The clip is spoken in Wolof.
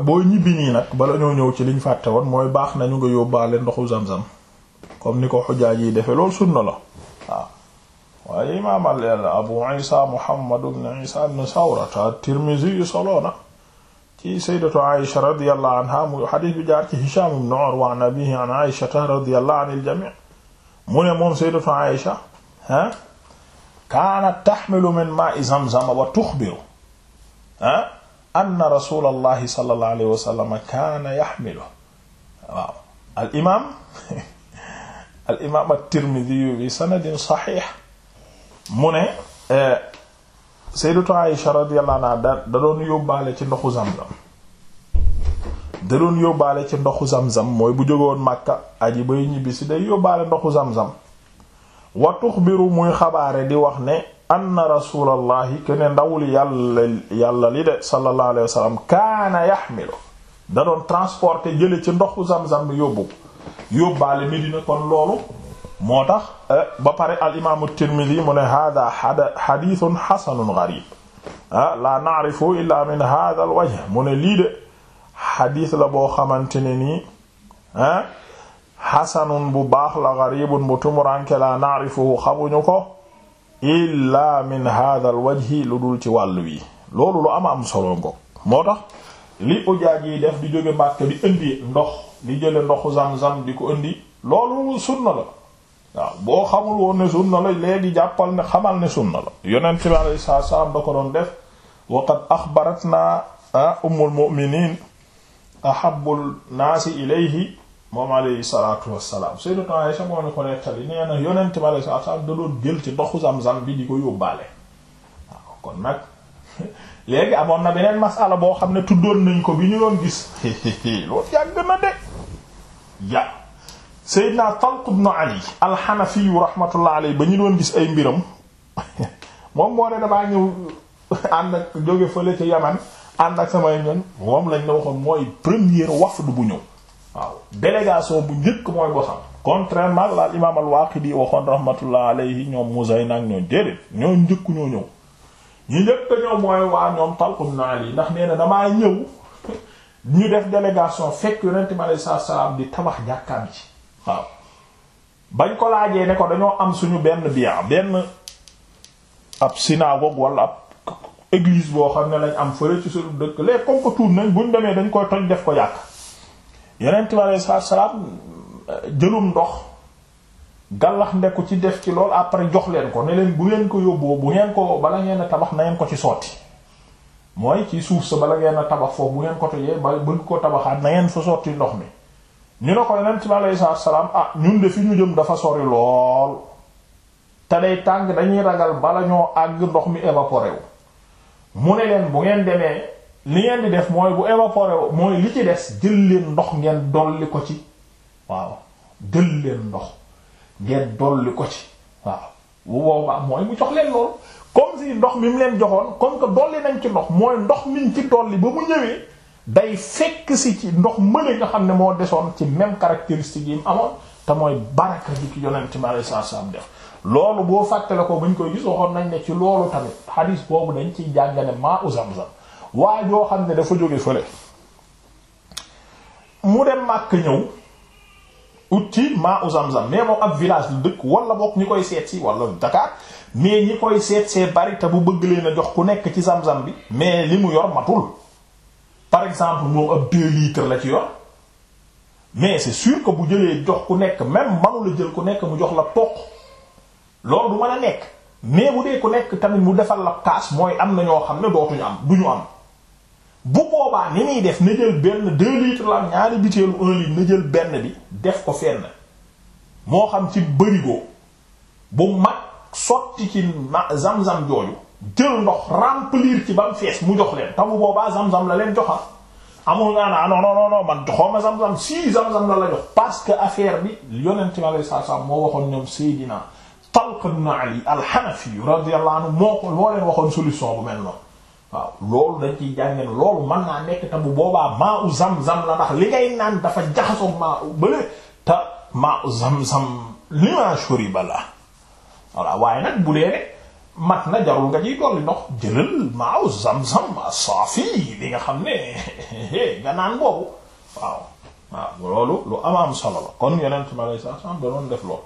booy ñibbi nii nag bala ñoo ñëw ci liñ fàtte woon mooy baax nañu nga yóbbaale ndoxu zamzam comme ni ko xujaaj yi defee loolu sunna la waaw waaye imaam al abu isa muhammad ibn isa ibn sawrata at-tirmidhi yu na ci sayyidatu aisha radiyallahu anha mu xadiis bi jaar ci hisham ibn urwa an abihi an aishata radiyallahu anil mu ne moom sayyidatu aisha ha kaanat tahmilu min ma'i zamzam wa tukhbiru ha anna rasulallahi sallallahu alayhi wa sallam kaana yaxmilu waaw al imaam al imaam at-Tirmidhi bi sanadin saxiix mu ne eh, sayyidatu Aisha radiyallahu anha da doon yóbbaale ci ndoxu Zamzam da doon yóbbaale ci ndoxu Zamzam mooy bu jógoon Makka aji bay ñibbisi day yóbbaale ndoxu Zamzam wa tuxbiru muy xabaare di wax ne anna rasulallahi kene ndawul yàlla yàlla li de sallallahu alayhi wa kaana yaxmilu da doon transporter ci ndoxu zam-zam yóbbu yóbbaale Medina kon loolu moo tax eh, ba pare al imaamu Tirmidi mu ne hada xadithun garib ah, la naarifu illa min hada al la boo xamante ne nii ah bu baax la garibun bu tumuranke la naarifuhu xamuñu ko illa min hadha al wajhi lu dul ci wàll wi loolu lu am am solo ngo moo tax li ujaaj yi def di jóge Màkka di indi ndox di jële ndoxu zam-zam di ko indi loolu sunna la waaw boo xamul woon ne sunna la léegi jàppal ne xamal ne sunna la yonent bi alayhi salaatu salaam da ko doon def wa qad axbaratna ah, ummul mu'minin ahabbul naasi ilayhi moom alayhi salaatu wassalaam sayyidatu Aisha moo ñu ko nettali nee na yonent bi alayhi salaatu wassalaam da doon jël ci ndoxu zam-zam bi di ko yóbbaale waaw kon nag léegi amoon na beneen masala boo xam ne tuddoon nañ ko bi ñu doon gis loolu yàgg na de ya Seydina Talq ibn Ali al-Hanafi ba ñu doon gis ay mbiram moom moo ne damaa ñëw ànd ak jóge fële ca Yaman ànd ak samay moom lañ la waxoon mooy première wafd bu ñëw waaw délégation bu njëkk mooy bosam contrairement ak laal imaam al-Waaqidi waxoon rahmatullah alayhi ñoom Muzayna ak ñoom déedéet ñoo njëkk ñoo ñëw ñu njëkk ñëw mooy waa ñoom Talq ibn Ali ndax nee na damaa ñëw ñu def délégation fekk yonent bi alayhi salaatu salaam di tabax jàkkaam ci waaw bañ ko laajee ne ko dañoo am suñu benn bien benn ab synagogue wala ab église boo xam ne lañ am fële ci suñu dëkk léegi comme ko tuub nañ buñ demee dañ koy toj def ko yàq yeneen bi aleyhi sa salaam euh, jëlum ndox gàllax ndeku ci def ci lool après jox leen ko ne leen bu ngeen ko yóbboo bu ngeen ko bala ngeen tabax na ngeen ko ci sotti mooy ci suuf sa bala ngeen a tabax foofu bu ngeen ko tojee ba bëgg ko tabaxaat na ngeen fa sotti ndox mi ñu ne ko yonent bi aleyhi salaatu salaam ah ñun de fi ñu jëm dafa sori lool te day tàng dañuy ragal bala ñoo àgg ndox mi évaporé wu mu ne leen bu ngeen demee. ni ngeen di def mooy bu évaporé mooy li ci des jël leen ndox ngeen dolli ko ci waaw jël leen ndox ngeen dolli ko ci waaw bu boobaa mooy mu jox leen loolu comme si ndox mi mu leen joxoon comme que dolli nañ ci ndox mooy ndox miñ ci dolli ba mu ñëwee day fekk si ci ndox mëne nga xam ne moo desoon ci même caractéristique yi mu amoon te mooy baraka ji ci yonent mi alayhi def loolu boo fàttale ko buñ koy gis waxoon nañ ne ci loolu tamit hadis boobu dañ ciy jàngale maa u Zamzam waa joo xam ne dafa jóge fële mu dem màkk ñëw ut ci maa u zam-zam mais moom ab village lu dëkk wala bokk ñi koy seet si wala Dakar mais ñi koy seet see bari te bu bëgg leen jox ku nekk ci zam-zam bi mais li mu yor matul par exemple moom ab deux litres la ci yor mais c'est sûr que bu jëlee jox ku nekk même manula jël ku nekk mu jox la toq loolu du mën a nekk mais bu dee ku nekk tamit mu defal la kaas mooy am na ñoo xam ne dootuñu am ñu am bu boobaa ni muy def na jël benn deux litres la am ñaari butéelu un litre na jël benn bi def ko fenn moo xam ci bërigo bu mag sotti ci ma zam-zam jooju jël ndox remplir ci ba mu fees mu jox leen te bu boobaa zam-zam la leen joxa amul naa ah, naa non non man joxoo ma zam-zam si zam-zam la la jox parce que affaire bi yonent mi alayhi salaatu salaam moo waxoon ñoom Seydina Talq ibn Ali al-Hanafi radiyallahu anhu moo ko moo leen waxoon solution bu mel noonu. waaw loolu dañ ciy jàngeen loolu mën naa nekk te bu boobaa maa u zam-zam la ndax li ngay naan dafa jaxasoo maa u bële te maa u zam-zam waaye nag bu mat na jarul nga ciy dolli ndox jëlal li nga xam ne nga naan boobu waaw loolu lu amaam solo la kon yeneen ma lay sax sam da doon def loolu